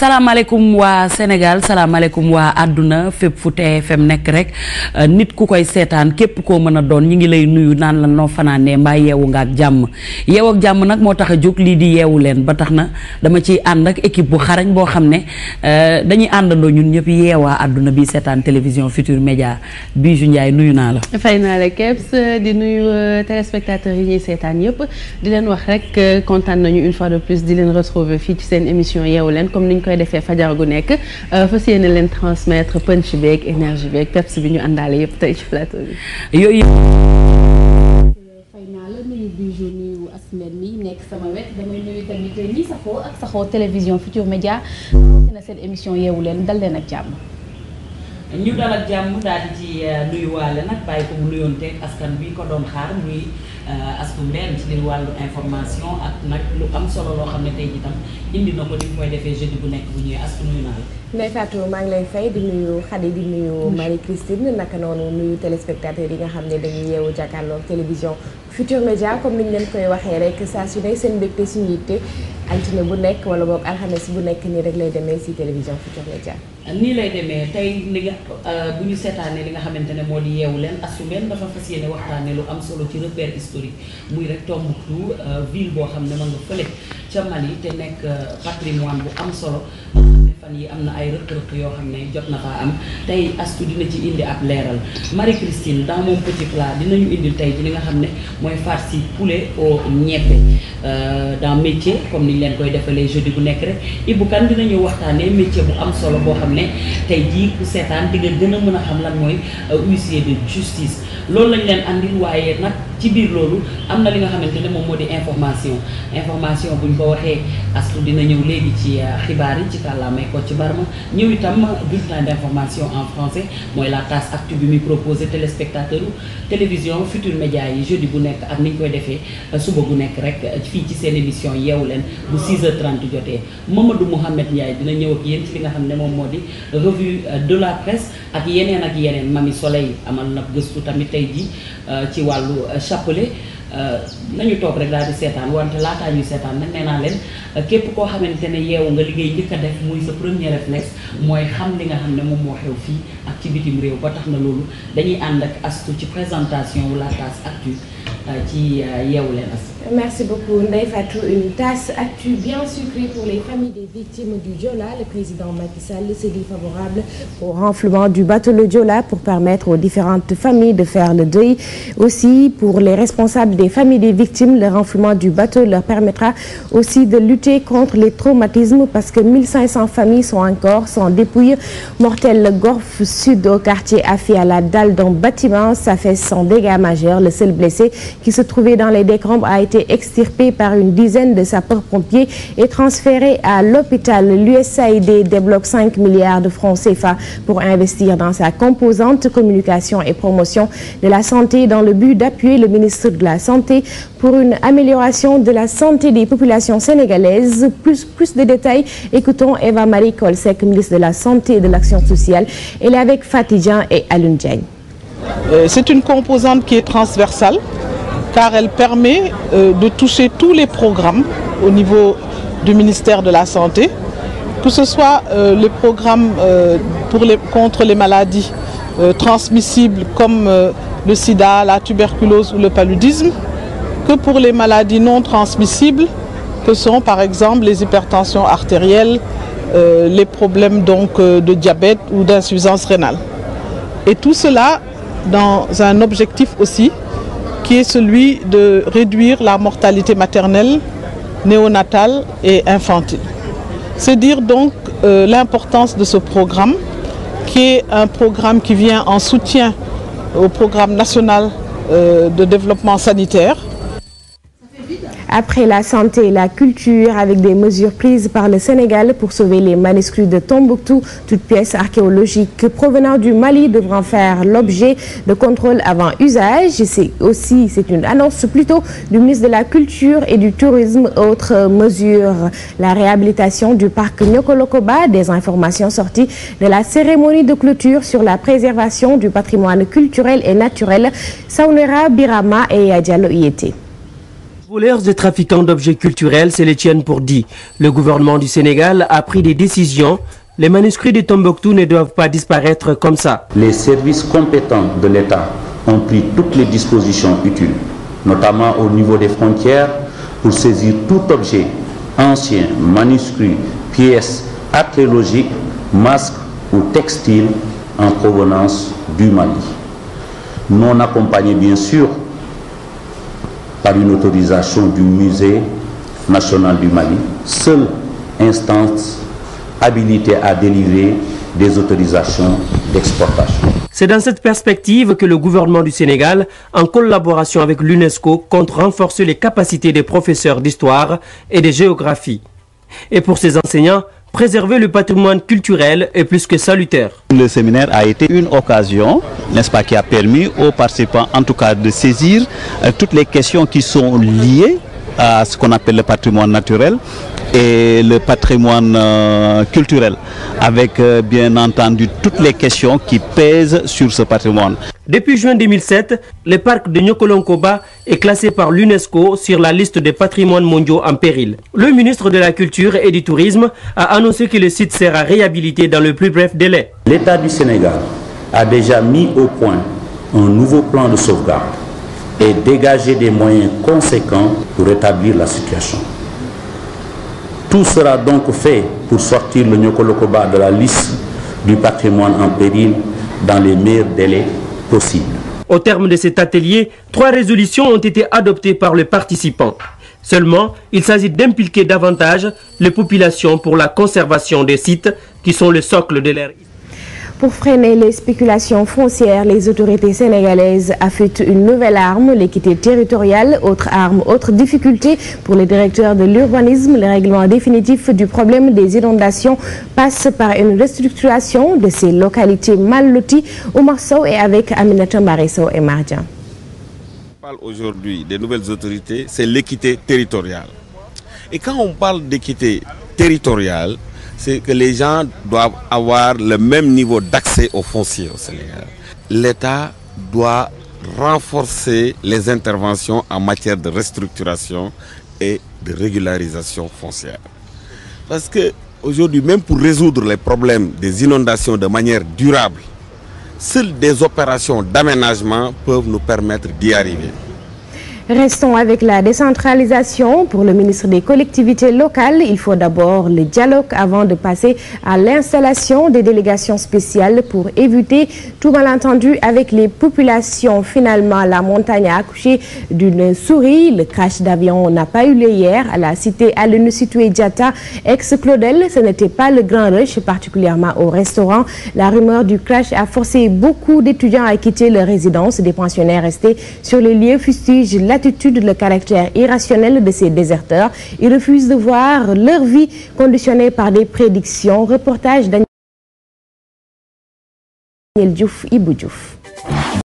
salaamaaleykum waa Sénégal salaamaaleykum waa àdduna fépp fu TFM nekk rek euh, nit ku koy seetaan képp koo mën a doon ñu ngi lay nuyu naan la noo fanaanee mbaa yeewu nga ak jàmm yeew jàmm nag moo tax a jóg lii di yeewu leen ba tax na dama ci ànd ak équipe bu xarañ boo xam ne uh, dañuy àndandoo ñun ñëpp yeewaa àdduna bi seetaan télévision Futur Média Bijou Ndiaye nuyu naa la. fay naa la Kebs di nuyu euh, téléspectateurs yi ñuy seetaan yëpp di leen wax rek euh, kontaan nañu une fois de plus di leen retrouver fii ci seen émission leen comme niñ koy defee fajar gu nekk euh, fa yéene leen transmettre punch beeg énergie beeg peps bi ñu àndaale yëpp tey ci plateau bi. yooyu fay naa la nuyu bijou nuyu asmel mi nekk sama wet damay nuyu tamit ñi ak saxoo télévision Futur Média na seen émission yeewu leen dal leen ak jàmm. ñu dal ak jàmm daal di ci euh, nuyuwaale nag bàyyi ko mu nuyoonteeg askan bi ko doon xaar muy. Euh, Astou Mbène ci li wàllu information ak nag lu am solo loo xam ne tey jii tam indi na ko ni mooy defee jeudi bu nekk bu ñëwee Astou nuyu naa la. Ndeye Fatou maa ngi lay fay di nuyu Khady di nuyu Marie Christine naka noonu nuyu téléspectateurs yi nga xam ne dañuy yeewu jàkkaarloog télévision Futur Média comme ni ñu leen koy waxee rek saa su ne seen mbégte suñu yitte altine bu nekk wala boog alxames bu nekk nii rek lay demee si télévision Futurs Médias nii lay demee tey li nga euh, bu ñu seetaanee li nga xamante ne moo di yeewu leen asu leen dafa fas yéene waxtaanee lu am solo ci repère historique muy rek Tombouctou euh, ville boo xam ne ma nga fële ca Mali te nekk euh, patrimoine bu am solo fan yi am na ay rëq-rëq yoo xam ne jot na faa am tey astu dina ci indi ab leeral Marie Christine dans mon petit plat dinañu indil tey ji li nga xam ne mooy farci poulet au ñebbe euh, dans métier comme ni leen koy defalee jeudi bu nekk rek Ibou Kane dinañu waxtaanee métier bu am solo boo xam ne tey jii ku seetaan di nga gën a mën a xam lan mooy euh, huissier de justice loolu lañ leen andil waaye nag ci biir loolu am na li nga xamante ne moom moo di information information buñ ko waxee astu dina ñëw léegi ci euh, xibaar yi ci barama ñëw itam bulletin d'information en français mooy la tasse actu bi muy proposé téléspectateur télévision futur média yi jeudi bu nekk ak ni ñu koy defee euh, suba bu nekk rek euh, fii ci seen émission yeewu leen bu 6h30 jotee Mamadou Mouhamed Ndiaye dina ñëw ak yéen ci nga xam ne moom moo di revue euh, de la presse ak yeneen ak yeneen Mami Soleil amal na gëstu tamit tey ji ci wàllu chapelet Euh, nañu toog rek daal di seetaan wante laataa ñuy seetaan nag nee naa leen euh, képp koo xamante ne yeewu nga liggéey njëkk def muy sa premier réflexe mooy xam li nga xam ne moom moo xew fii ak ci bitim réew ba tax na loolu dañuy ànd ak astu ci présentation wu la Case Actu euh, ci yeewu leen astu Merci beaucoup Ndeye le président Macky Sall s'est dit du bateau pour permettre aux différentes familles de faire le deuil aussi pour les responsables des familles des victimes le renflouement du bateau leur permettra aussi de lutter contre les traumatismes parce que 1500 familles sont encore sans dépouille mortelle Golf Sud au quartier Afi à la dalle d'un bâtiment ça fait sans dégâts le seul blessé qui se trouvait dans les décombres a été été extirpé par une dizaine de sapeurs-pompiers et transféré à l'hôpital. L'USAID débloque 5 milliards de francs CFA pour investir dans sa composante communication et promotion de la santé dans le but d'appuyer le ministre de la Santé pour une amélioration de la santé des populations sénégalaises. Plus, plus de détails, écoutons Eva-Marie Colsec, ministre de la Santé et de l'Action sociale. Elle est avec Fatidjan et Alun Diagne. Euh, c'est car elle permet euh, de toucher tous les programmes au niveau du ministère de la Santé, que ce soit euh, les programmes euh, pour les, contre les maladies transmissibles comme le sida, la tuberculose ou le paludisme, que pour les maladies non transmissibles, que sont par exemple les hypertensions artérielles, euh, les problèmes donc euh, de diabète ou d'insuffisance rénale. Et tout cela dans un objectif aussi qui est celui de réduire la mortalité maternelle, néonatale et infantile. C'est dire donc euh, l'importance de ce programme, qui est un programme qui vient en soutien au programme national euh, de développement sanitaire, Après la santé et la culture, avec des mesures prises par le Sénégal pour sauver les manuscrits de Tombouctou, toute pièce archéologique provenant du Mali devra faire l'objet de contrôles avant usage. C'est aussi, c'est une annonce plutôt du ministre de la Culture et du Tourisme. Autre mesure, la réhabilitation du parc Niokolokoba, des informations sorties de la cérémonie de clôture sur la préservation du patrimoine culturel et naturel. Saunera Birama et Diallo voleurs et trafiquants d'objets culturels se les tiennent pour dit. Le gouvernement du Sénégal a pris des décisions. Les manuscrits de Tombouctou ne doivent pas disparaître comme ça. Les services compétents de l'État ont pris toutes les dispositions utiles, notamment au niveau des frontières, pour saisir tout objet ancien, manuscrit, pièce archéologique, masque ou textile en provenance du Mali. Non accompagné bien sûr par une autorisation du musée national du Mali, seule instance habilitée à délivrer des autorisations d'exportation. C'est dans cette perspective que le gouvernement du Sénégal, en collaboration avec l'UNESCO, compte renforcer les capacités des professeurs d'histoire et de géographie. Et pour ces enseignants, préserver le patrimoine culturel est plus que salutaire. Le séminaire a été une occasion, n'est-ce pas, qui a permis aux participants, en tout cas, de saisir euh, toutes les questions qui sont liées à ce qu'on appelle le patrimoine naturel et le patrimoine euh, culturel, avec euh, bien entendu toutes les questions qui pèsent sur ce patrimoine. Depuis juin 2007, le parc de Nyokolonkoba est classé par l'UNESCO sur la liste des patrimoines mondiaux en péril. Le ministre de la Culture et du Tourisme a annoncé que le site sera réhabilité dans le plus bref délai. L'État du Sénégal a déjà mis au point un nouveau plan de sauvegarde et dégagé des moyens conséquents pour rétablir la situation. Tout sera donc fait pour sortir le Nyokolokoba de la liste du patrimoine en péril dans les meilleurs délais possible. Au terme de cet atelier, trois résolutions ont été adoptées par les participants. Seulement, il s'agit d'impliquer davantage les populations pour la conservation des sites qui sont le socle de l'air. Pour freiner les spéculations foncières, les autorités sénégalaises affûtent une nouvelle arme, l'équité territoriale. Autre arme, autre difficulté pour le directeurs de l'urbanisme. Le règlement définitif du problème des inondations passe par une restructuration de ces localités mal loties. Oumar Sow est avec Aminata Mbaré Sow et Mardian. Et quand on parle d'équité territoriale, c'est que les gens doivent avoir le même niveau d'accès aux fonciers au Sénégal. L'État doit renforcer les interventions en matière de restructuration et de régularisation foncière. Parce que aujourd'hui, même pour résoudre les problèmes des inondations de manière durable, seules des opérations d'aménagement peuvent nous permettre d'y arriver. Restons avec la décentralisation. Pour le ministre des collectivités locales, il faut d'abord le dialogue avant de passer à l'installation des délégations spéciales pour éviter tout malentendu avec les populations. Finalement, la montagne a d'une souris. Le crash d'avion n'a pas eu lieu hier à la cité Aline située Diatta, ex-Claudel. Ce n'était pas le grand rush, particulièrement au restaurant. La rumeur du crash a forcé beaucoup d'étudiants à quitter résidence. Des attitude le caractère irrationnel de ces déserteurs. Ils refusent de voir leur vie conditionnée par des prédictions. Reportage Daniel Diouf, Ibou Diouf.